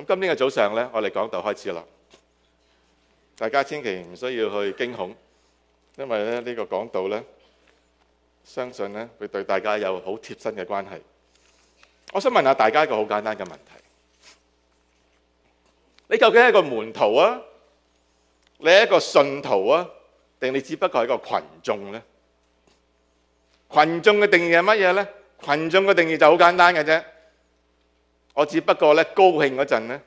咁今天嘅早上咧，我哋講道開始啦。大家千祈唔需要去驚恐，因為咧呢個講道咧，相信咧會對大家有好貼身嘅關係。我想問下大家一個好簡單嘅問題：你究竟係一個門徒啊？你係一個信徒啊？定你只不過係一個羣眾咧？羣眾嘅定義係乜嘢咧？羣眾嘅定義就好簡單嘅啫。我只不過咧高興嗰陣咧，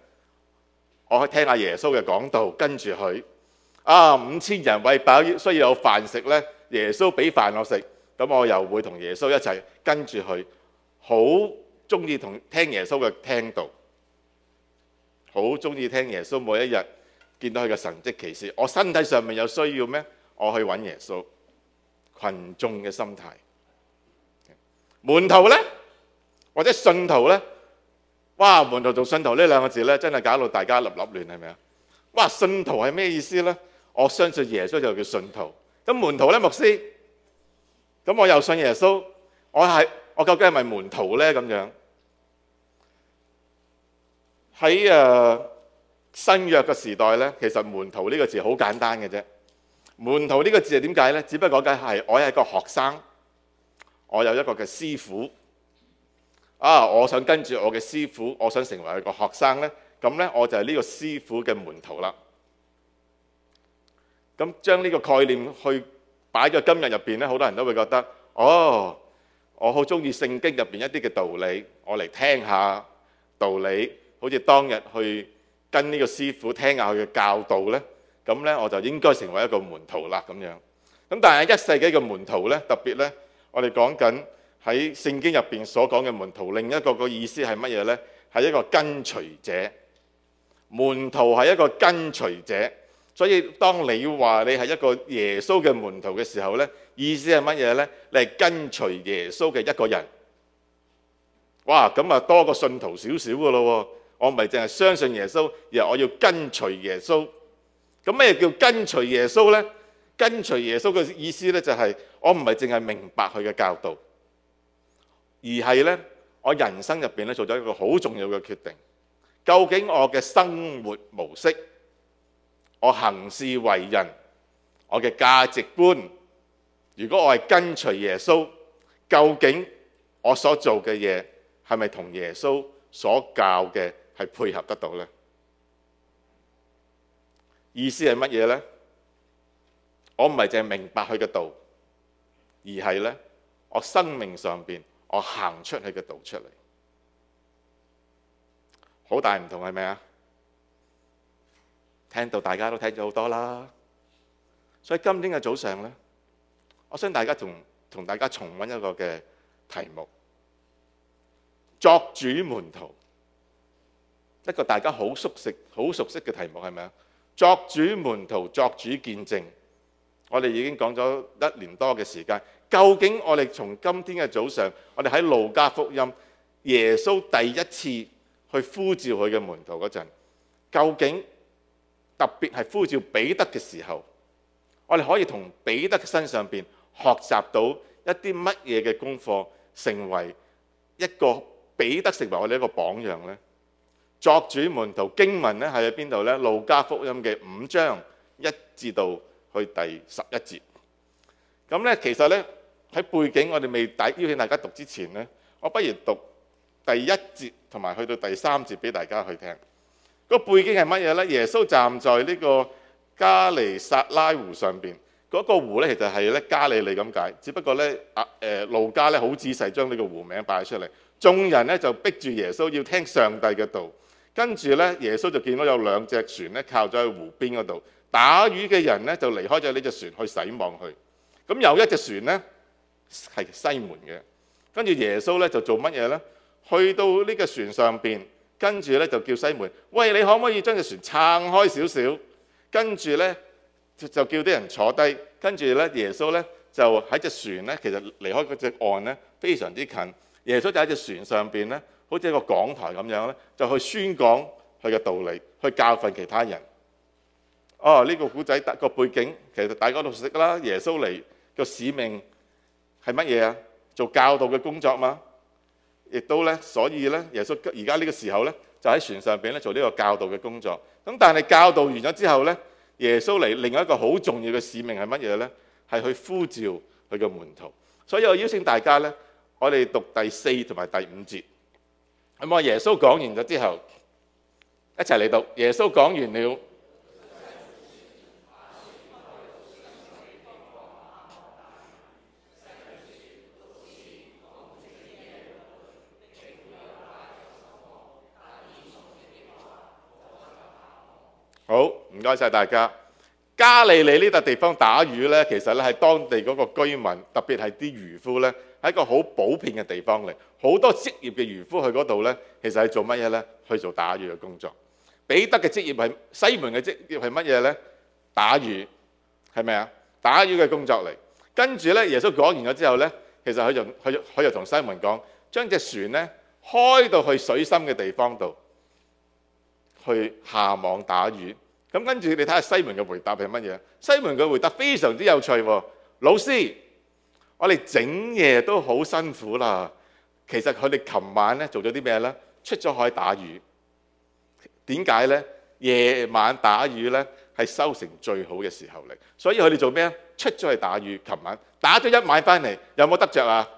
我去聽阿耶穌嘅講道，跟住佢啊五千人餵飽，需要有飯食咧，耶穌俾飯我食，咁我又會同耶穌一齊跟住佢，好鍾意同聽耶穌嘅聽道，好鍾意聽耶穌每一日見到佢嘅神跡奇事。我身體上面有需要咩？我去揾耶穌。群眾嘅心態，門徒咧，或者信徒咧。哇！門徒做信徒呢兩個字真係搞到大家立立亂係咪啊？哇！信徒係咩意思呢？我相信耶穌就叫信徒。咁門徒呢，牧師。咁我又信耶穌，我係我究竟係咪門徒呢？咁樣喺、呃、新約嘅時代呢，其實門徒呢個字好簡單嘅啫。門徒呢個字係點解呢？只不過是係我係一個學生，我有一個嘅師傅。啊！我想跟住我嘅師傅，我想成為一個學生呢，咁呢，我就係呢個師傅嘅門徒啦。咁將呢個概念去擺咗今日入邊呢，好多人都會覺得，哦，我好中意聖經入邊一啲嘅道理，我嚟聽下道理，好似當日去跟呢個師傅聽下佢嘅教導呢。咁呢，我就應該成為一個門徒啦咁樣。咁但係一世紀嘅門徒呢，特別呢，我哋講緊。喺聖經入邊所講嘅門徒，另一個個意思係乜嘢呢？係一個跟隨者。門徒係一個跟隨者，所以當你話你係一個耶穌嘅門徒嘅時候呢，意思係乜嘢呢？你係跟隨耶穌嘅一個人。哇！咁啊，多過信徒少少嘅咯喎。我唔係淨係相信耶穌，而我要跟隨耶穌。咁咩叫跟隨耶穌呢？跟隨耶穌嘅意思呢，就係，就係我唔係淨係明白佢嘅教導。而係呢，我人生入面呢，做咗一個好重要嘅決定。究竟我嘅生活模式、我行事為人、我嘅價值觀，如果我係跟隨耶穌，究竟我所做嘅嘢係咪同耶穌所教嘅係配合得到呢？意思係乜嘢呢？我唔係淨係明白佢嘅道，而係呢，我生命上面。我行出去嘅道出嚟，好大唔同係咩？啊？聽到大家都聽咗好多啦，所以今天嘅早上咧，我想大家同同大家重溫一個嘅題目：作主門徒，一個大家好熟悉、好熟悉嘅題目係咪啊？作主門徒，作主見證，我哋已經講咗一年多嘅時間。究竟我哋從今天嘅早上，我哋喺路加福音耶穌第一次去呼召佢嘅門徒嗰陣，究竟特別係呼召彼得嘅時候，我哋可以同彼得身上邊學習到一啲乜嘢嘅功課，成為一個彼得，成為我哋一個榜樣呢？作主門徒經文咧係喺邊度呢？路加福音嘅五章一至到去第十一節，咁咧其實咧。喺背景，我哋未大邀請大家讀之前呢，我不如讀第一節同埋去到第三節俾大家去聽。個背景係乜嘢呢？耶穌站在呢個加利撒拉湖上邊嗰個湖呢，其實係咧加利利咁解，只不過呢，啊誒路加呢好仔細將呢個湖名擺出嚟。眾人呢就逼住耶穌要聽上帝嘅道，跟住呢，耶穌就見到有兩隻船呢靠咗在湖邊嗰度，打魚嘅人呢，就離開咗呢隻船去洗網去。咁有一隻船呢。係西門嘅，跟住耶穌咧就做乜嘢呢？去到呢個船上邊，跟住咧就叫西門，喂，你可唔可以將隻船撐開少少？跟住呢，就叫啲人坐低，跟住呢，耶穌呢就喺隻船呢，其實離開嗰隻岸呢，非常之近。耶穌就喺隻船上邊呢，好似一個講台咁樣呢，就去宣講佢嘅道理，去教訓其他人。哦，呢、這個古仔個背景，其實大家都識啦。耶穌嚟嘅使命。係乜嘢啊？做教導嘅工作嘛，亦都咧，所以咧，耶穌而家呢個時候咧，就喺船上邊咧做呢個教導嘅工作。咁但係教導完咗之後咧，耶穌嚟另一個好重要嘅使命係乜嘢咧？係去呼召佢嘅門徒。所以我邀請大家咧，我哋讀第四同埋第五節。咁啊，耶穌講完咗之後，一齊嚟讀。耶穌講完了。好，唔該晒大家。加利利呢笪地方打魚呢，其實呢係當地嗰個居民，特別係啲漁夫呢，係一個好普遍嘅地方嚟。好多職業嘅漁夫去嗰度呢，其實係做乜嘢呢？去做打魚嘅工作。彼得嘅職業係西門嘅職業係乜嘢呢？打魚係咪啊？打魚嘅工作嚟。跟住呢，耶穌講完咗之後呢，其實佢就佢佢又同西門講，將隻船呢，開到去水深嘅地方度，去下網打魚。咁跟住你睇下西門嘅回答係乜嘢？西門嘅回答非常之有趣喎、啊。老師，我哋整夜都好辛苦啦。其實佢哋琴晚咧做咗啲咩咧？出咗海打魚。點解咧？夜晚打魚咧係收成最好嘅時候嚟，所以佢哋做咩咧？出咗去打魚。琴晚打咗一晚翻嚟，有冇得着啊？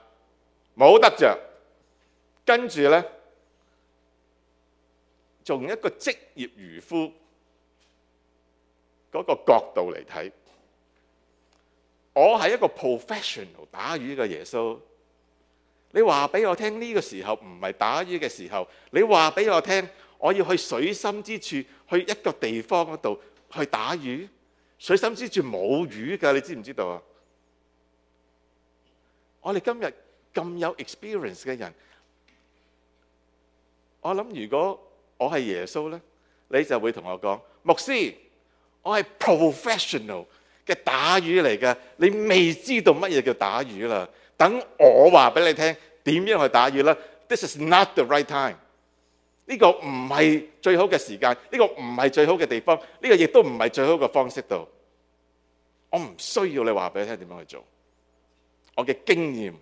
冇得着。跟住咧，做一個職業漁夫，嗰個角度嚟睇，我係一個 professional 打魚嘅耶穌。你話俾我聽，呢個時候唔係打魚嘅時候。你話俾我聽，我要去水深之處，去一個地方嗰度去打魚。水深之處冇魚㗎，你知唔知道啊？我哋今日咁有 experience 嘅人，我諗如果我係耶穌呢，你就會同我講牧師。我係 professional 嘅打魚嚟嘅，你未知道乜嘢叫打魚啦。等我話俾你聽點樣去打魚啦。This is not the right time，呢個唔係最好嘅時間，呢、這個唔係最好嘅地方，呢、這個亦都唔係最好嘅方式。度、這個、我唔需要你話俾我聽點樣去做。我嘅經驗，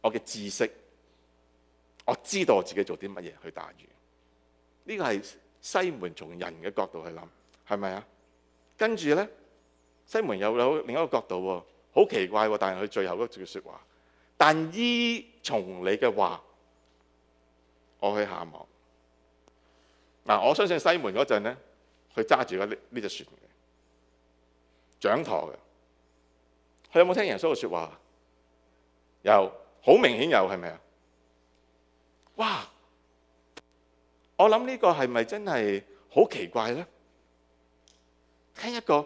我嘅知識，我知道我自己做啲乜嘢去打魚。呢個係西門從人嘅角度去諗。係咪啊？跟住咧，西門又有另一個角度喎、哦，好奇怪喎、哦！但係佢最後一句説話，但依從你嘅話，我去下望。嗱、啊，我相信西門嗰陣咧，佢揸住嗰呢呢隻船嘅掌舵嘅，佢有冇聽耶穌嘅説話？有，好明顯有，係咪啊？哇！我諗呢個係咪真係好奇怪咧？聽一個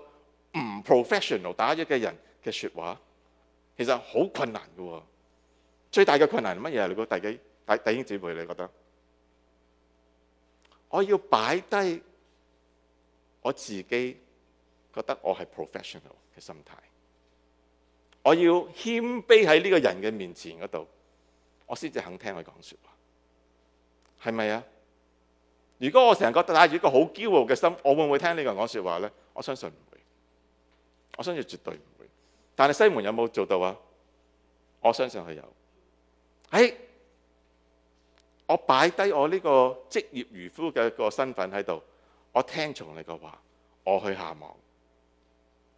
唔 professional 打野嘅人嘅說話，其實好困難㗎。最大嘅困難係乜嘢？你估第幾第弟兄姊妹？你覺得，弟弟弟弟你覺得我要擺低我自己覺得我係 professional 嘅心態，我要謙卑喺呢個人嘅面前嗰度，我先至肯聽佢講說話，係咪啊？如果我成日覺得打住一個好驕傲嘅心，我會唔會聽呢個人講說話咧？我相信唔會，我相信絕對唔會。但係西門有冇做到啊？我相信佢有。唉，我擺低我呢個職業漁夫嘅個身份喺度，我聽從你嘅話，我去下網。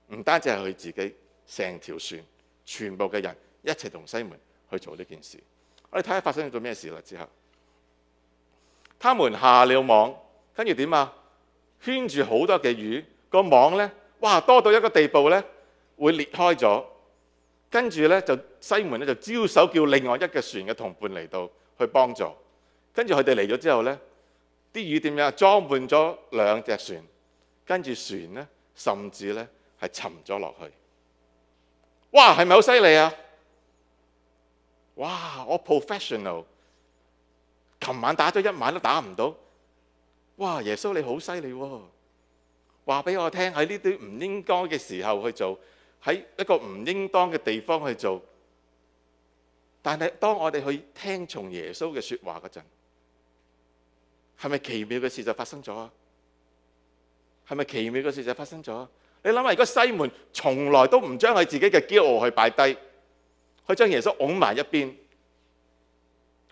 唔單止係佢自己，成條船全部嘅人一齊同西門去做呢件事。我哋睇下發生咗咩事啦。之後，他們下了網，跟住點啊？圈住好多嘅魚。那個網咧，哇多到一個地步咧，會裂開咗，跟住咧就西門咧就招手叫另外一個船嘅同伴嚟到去幫助，跟住佢哋嚟咗之後咧，啲魚點樣裝滿咗兩隻船，跟住船咧甚至咧係沉咗落去，哇係咪好犀利啊？哇我 professional，琴晚打咗一晚都打唔到，哇耶穌你好犀利喎！話俾我聽喺呢啲唔應該嘅時候去做，喺一個唔應當嘅地方去做。但係當我哋去聽從耶穌嘅說話嗰陣，係咪奇妙嘅事就發生咗啊？係咪奇妙嘅事就發生咗？你諗下，如果西門從來都唔將佢自己嘅驕傲去擺低，去將耶穌拱埋一邊，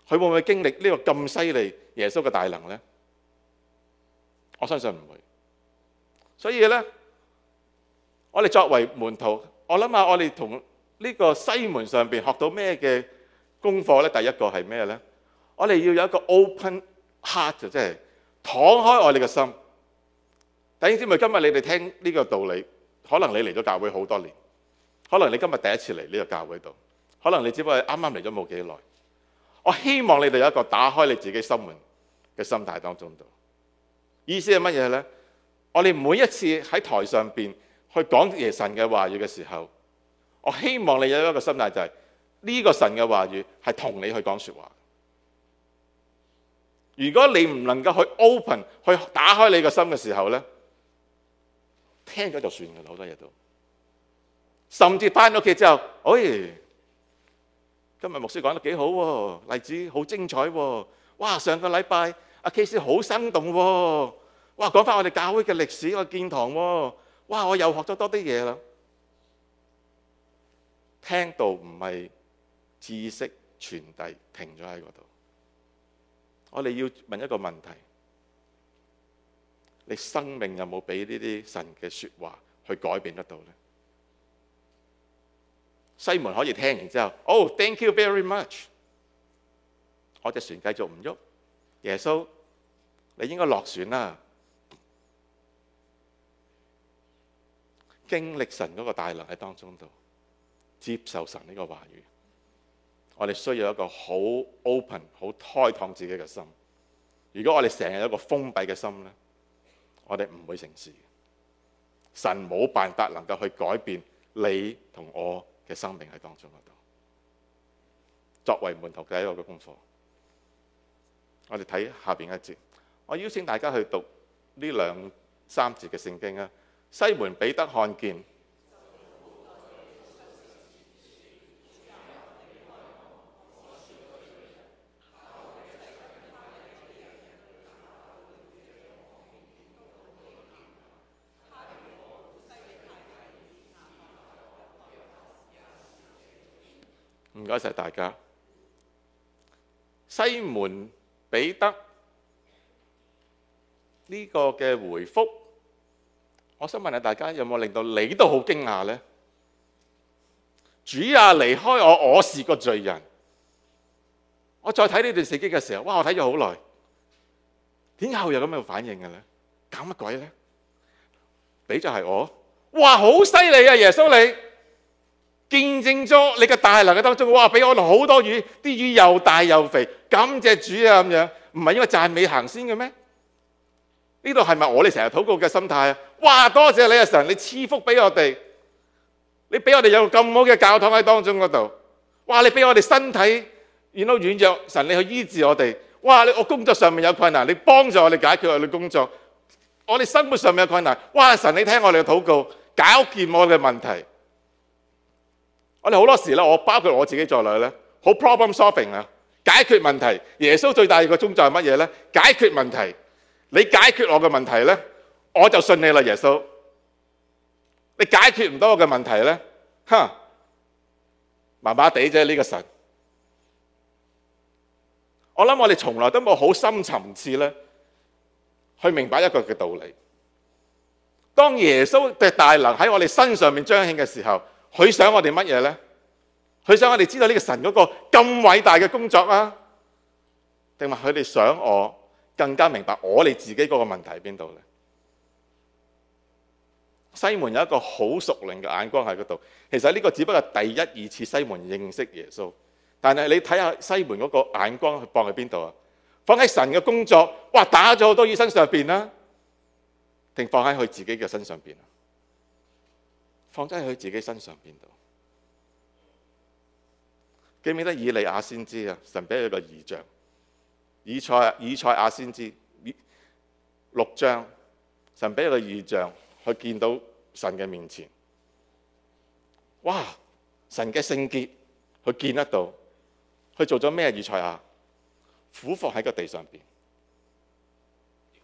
佢會唔會經歷呢個咁犀利耶穌嘅大能咧？我相信唔會。所以咧，我哋作為門徒，我諗下我哋同呢個西門上邊學到咩嘅功課咧？第一個係咩咧？我哋要有一個 open heart，就即係敞開我哋嘅心。等於知咪今日你哋聽呢個道理，可能你嚟咗教會好多年，可能你今日第一次嚟呢個教會度，可能你只不過啱啱嚟咗冇幾耐。我希望你哋有一個打開你自己心門嘅心態當中度。意思係乜嘢咧？我哋每一次喺台上邊去講耶神嘅話語嘅時候，我希望你有一個心態就係呢個神嘅話語係同你去講說話。如果你唔能夠去 open 去打開你個心嘅時候咧，聽咗就算噶啦，好多嘢都。甚至翻到屋企之後，哎，今日牧師講得幾好喎，例子好精彩喎，哇，上個禮拜阿 K 師好生動喎。哇！講翻我哋教會嘅歷史，我建堂喎。哇！我又學咗多啲嘢啦。聽到唔係知識傳遞停咗喺嗰度。我哋要問一個問題：你生命有冇俾呢啲神嘅説話去改變得到咧？西門可以聽完之後，哦，Thank you very much。我隻船繼續唔喐。耶穌，你應該落船啦。經歷神嗰個大能喺當中度，接受神呢個話語。我哋需要一個好 open、好開敞自己嘅心。如果我哋成日有一個封閉嘅心咧，我哋唔會成事。神冇辦法能夠去改變你同我嘅生命喺當中度。作為門徒嘅一個嘅功課，我哋睇下邊一節。我邀請大家去讀呢兩三節嘅聖經啊！西門彼得看見，唔該晒大家。西門彼得呢個嘅回覆。我想問下大家有冇令到你都好驚訝呢？主啊，離開我，我是個罪人。我再睇呢段聖經嘅時候，哇，我睇咗好耐，點解會有咁樣反應嘅咧？搞乜鬼咧？俾就係我，哇，好犀利啊！耶穌你見證咗你嘅大能嘅當中，哇，俾我落好多魚，啲魚又大又肥，感謝主啊！咁樣唔係應該讚美行先嘅咩？呢度係咪我哋成日禱告嘅心態啊？哇！多謝你啊神，你賜福俾我哋，你俾我哋有咁好嘅教堂喺當中嗰度。哇！你俾我哋身體然到軟弱，神你去醫治我哋。哇你！我工作上面有困難，你幫助我哋解決我哋工作。我哋生活上面有困難，哇！神你聽我哋嘅禱告，搞掂我嘅問題。我哋好多時咧，我包括我自己在內咧，好 problem solving 啊，解決問題。耶穌最大嘅宗旨係乜嘢咧？解決問題。你解決我嘅問題呢，我就信你啦，耶穌。你解決唔到我嘅問題呢？哼，麻麻地啫呢個神。我諗我哋從來都冇好深層次呢去明白一個嘅道理。當耶穌嘅大能喺我哋身上面彰顯嘅時候，佢想我哋乜嘢呢？佢想我哋知道呢個神嗰個咁偉大嘅工作啊，定係佢哋想我？更加明白我哋自己嗰個問題喺邊度咧？西門有一個好熟練嘅眼光喺嗰度。其實呢個只不過係第一二次西門認識耶穌，但係你睇下西門嗰個眼光佢放喺邊度啊？放喺神嘅工作，哇打咗好多嘢身上邊、啊、啦，定放喺佢自己嘅身上邊啊？放喺佢自己身上邊度？記唔記得以利亞先知啊？神俾佢個意象。以賽以賽亞先知六章，神俾一個異象去見到神嘅面前，哇！神嘅聖潔，佢見得到，佢做咗咩？以賽亞俯伏喺個地上邊，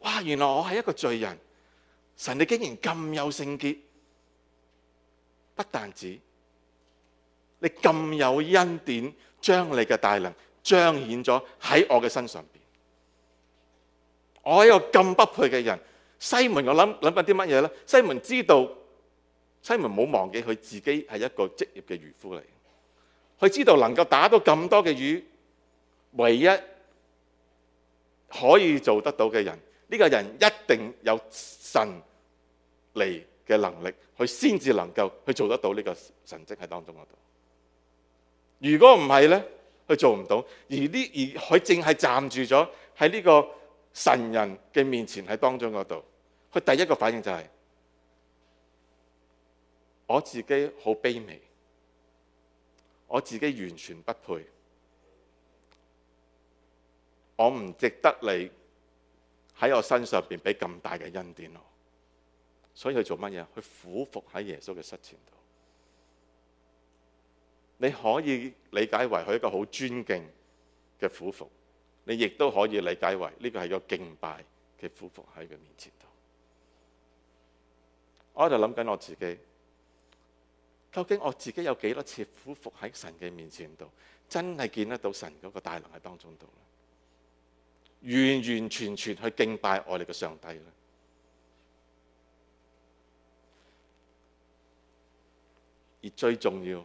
哇！原來我係一個罪人，神你竟然咁有聖潔，不但止，你咁有恩典，將你嘅大能。彰顯咗喺我嘅身上邊。我一個咁不配嘅人，西門我，我諗諗緊啲乜嘢咧？西門知道，西門冇忘記佢自己係一個職業嘅漁夫嚟。佢知道能夠打到咁多嘅魚，唯一可以做得到嘅人，呢個人一定有神嚟嘅能力，佢先至能夠去做得到呢個神跡喺當中嗰度。如果唔係咧？佢做唔到，而呢而佢淨係站住咗喺呢個神人嘅面前，喺當中嗰度，佢第一個反應就係、是：我自己好卑微，我自己完全不配，我唔值得你喺我身上邊俾咁大嘅恩典咯。所以佢做乜嘢？佢俯伏喺耶穌嘅膝前度。你可以理解為佢一個好尊敬嘅俯伏，你亦都可以理解為呢個係個敬拜嘅俯伏喺佢面前度。我喺度諗緊我自己，究竟我自己有幾多次俯伏喺神嘅面前度，真係見得到神嗰個大能喺當中度咧，完完全全去敬拜我哋嘅上帝咧，而最重要。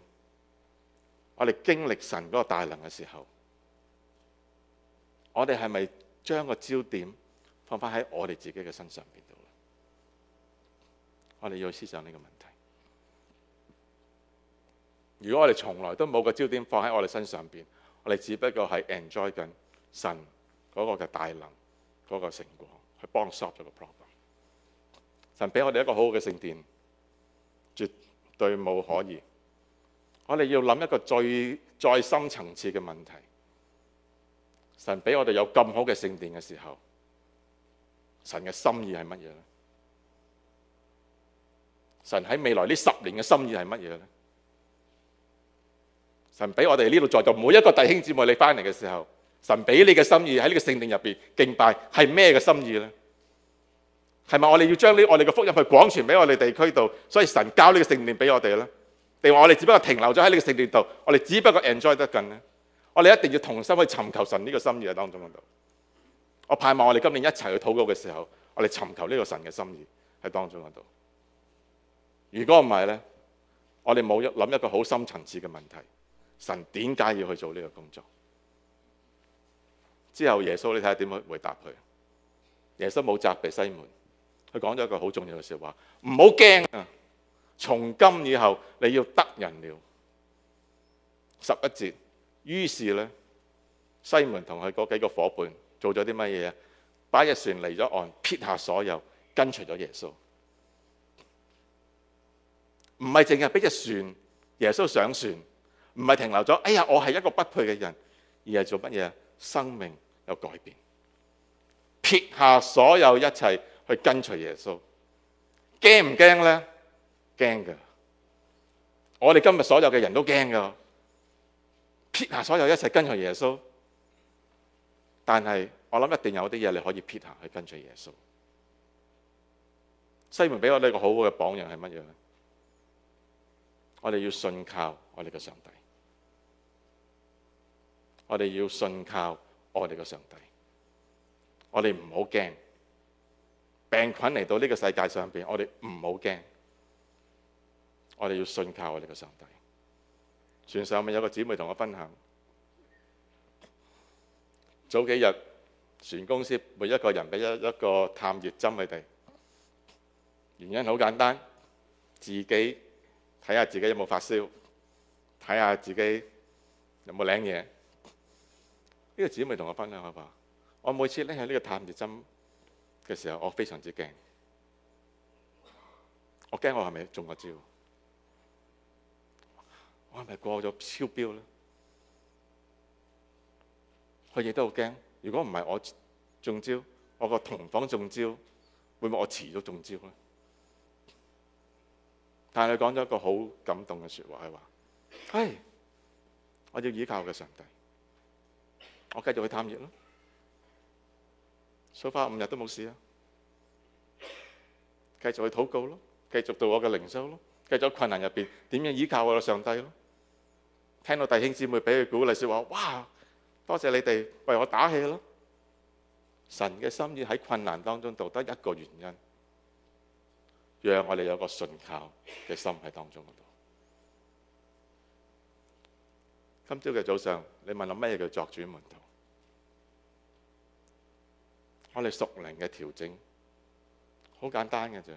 我哋經歷神嗰個大能嘅時候，我哋係咪將個焦點放翻喺我哋自己嘅身上邊度咧？我哋要思想呢個問題。如果我哋從來都冇個焦點放喺我哋身上邊，我哋只不過係 enjoy 緊神嗰個嘅大能嗰個成果，去幫我哋 solve 咗個 problem。神俾我哋一個好好嘅聖殿，絕對冇可疑。我哋要諗一個最再深層次嘅問題：神俾我哋有咁好嘅聖殿嘅時候，神嘅心意係乜嘢咧？神喺未來呢十年嘅心意係乜嘢咧？神俾我哋呢度在座，每一個弟兄姊妹你翻嚟嘅時候，神俾你嘅心意喺呢個聖殿入邊敬拜係咩嘅心意咧？係咪我哋要將呢我哋嘅福音去廣傳俾我哋地區度？所以神交呢個聖殿俾我哋咧？定話我哋只不過停留咗喺呢個聖殿度，我哋只不過 enjoy 得緊咧。我哋一定要同心去尋求神呢個心意喺當中嗰度。我盼望我哋今年一齊去禱告嘅時候，我哋尋求呢個神嘅心意喺當中嗰度。如果唔係呢，我哋冇諗一個好深層次嘅問題，神點解要去做呢個工作？之後耶穌你睇下點樣回答佢？耶穌冇責備西門，佢講咗一個好重要嘅說話：唔好驚啊！從今以後你要得人了。十一節。於是咧，西門同佢嗰幾個夥伴做咗啲乜嘢啊？擺隻船離咗岸，撇下所有，跟隨咗耶穌。唔係淨係俾隻船，耶穌上船，唔係停留咗。哎呀，我係一個不配嘅人，而係做乜嘢？生命有改變，撇下所有一切去跟隨耶穌。驚唔驚咧？驚噶！我哋今日所有嘅人都驚噶，撇下所有一切跟隨耶穌。但係我諗一定有啲嘢你可以撇下去跟隨耶穌。西門俾我呢個好好嘅榜樣係乜嘢咧？我哋要信靠我哋嘅上帝，我哋要信靠我哋嘅上帝，我哋唔好驚，病菌嚟到呢個世界上邊，我哋唔好驚。我哋要信靠我哋嘅上帝。船上面有個姊妹同我分享，早幾日船公司每一個人俾一個探熱針佢哋，原因好簡單，自己睇下自己有冇發燒，睇下自己有冇攬嘢。呢個姊妹同我分享好吧，我每次拎起呢個探熱針嘅時候，我非常之驚。我驚，我係咪中個招？我係咪過咗超標咧？佢亦都好驚。如果唔係我中招，我個同房中招，會唔會我遲咗中招咧？但係佢講咗一個好感動嘅説話，係話：唉，我要倚靠我嘅上帝，我繼續去探熱咯，燒花五日都冇事啊，繼續去禱告咯，繼續到我嘅靈修咯，繼續困難入邊點樣倚靠我嘅上帝咯。聽到弟兄姊妹俾佢鼓勵説話，哇！多謝你哋為我打氣咯。神嘅心意喺困難當中，就得一個原因，讓我哋有個信靠嘅心喺當中嗰度。今朝嘅早上，你問我咩叫作主門徒？我哋屬靈嘅調整，好簡單嘅啫，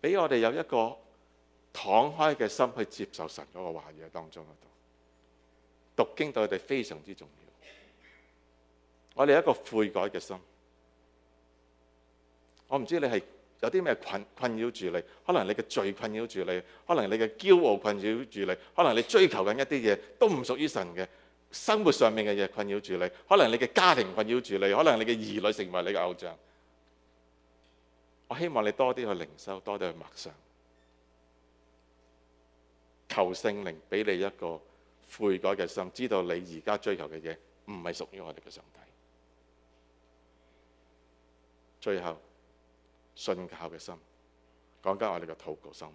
俾我哋有一個。敞開嘅心去接受神嗰個話語當中嗰度，讀經對佢哋非常之重要。我哋一個悔改嘅心，我唔知你係有啲咩困困擾住你，可能你嘅罪困擾住你，可能你嘅驕傲困擾住你，可能你追求緊一啲嘢都唔屬於神嘅，生活上面嘅嘢困擾住你，可能你嘅家庭困擾住你，可能你嘅兒女成為你嘅偶像。我希望你多啲去靈修，多啲去默想。求聖靈俾你一個悔改嘅心，知道你而家追求嘅嘢唔係屬於我哋嘅上帝。最後，信靠嘅心，講緊我哋嘅禱告生活。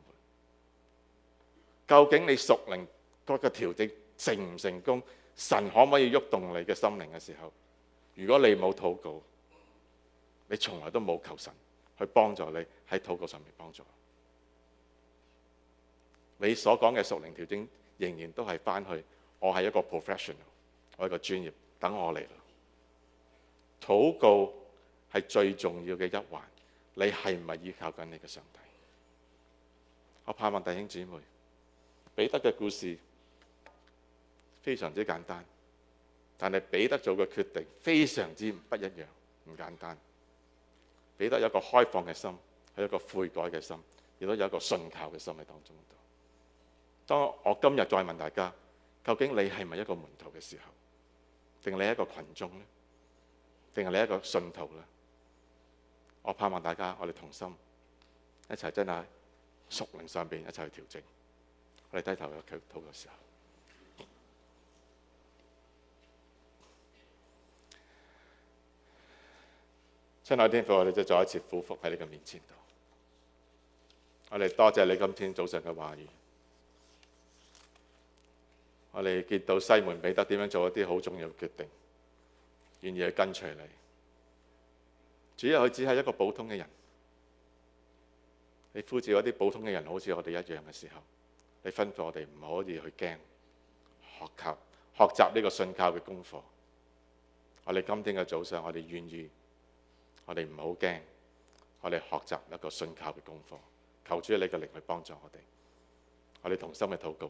究竟你屬靈嗰個調整成唔成功？神可唔可以喐動，動你嘅心靈嘅時候？如果你冇禱告，你從來都冇求神去幫助你喺禱告上面幫助。你所講嘅屬靈條件仍然都係返去，我係一個 professional，我係一個專業，等我嚟啦。禱告係最重要嘅一環，你係唔係依靠緊你嘅上帝？我盼望弟兄姊妹，彼得嘅故事非常之簡單，但係彼得做嘅決定非常之不一樣，唔簡單。彼得有一個開放嘅心，係一個悔改嘅心，亦都有一個信靠嘅心喺當中。當我今日再問大家，究竟你係咪一個門徒嘅時候，定你一個群眾呢？定係你是一個信徒呢？我盼望大家，我哋同心一齊真係屬靈上邊一齊去調整，我哋低頭去祈禱嘅時候。親愛天父，我哋再再一次俯伏喺你嘅面前度。我哋多謝你今天早上嘅話語。我哋見到西門彼得點樣做一啲好重要的決定，願意去跟隨你。主要佢只係一個普通嘅人。你呼召一啲普通嘅人，好似我哋一樣嘅時候，你吩咐我哋唔可以去驚，學習學習呢個信靠嘅功課。我哋今天嘅早上，我哋願意，我哋唔好驚，我哋學習一個信靠嘅功課，求主你嘅力去幫助我哋。我哋同心嘅禱告。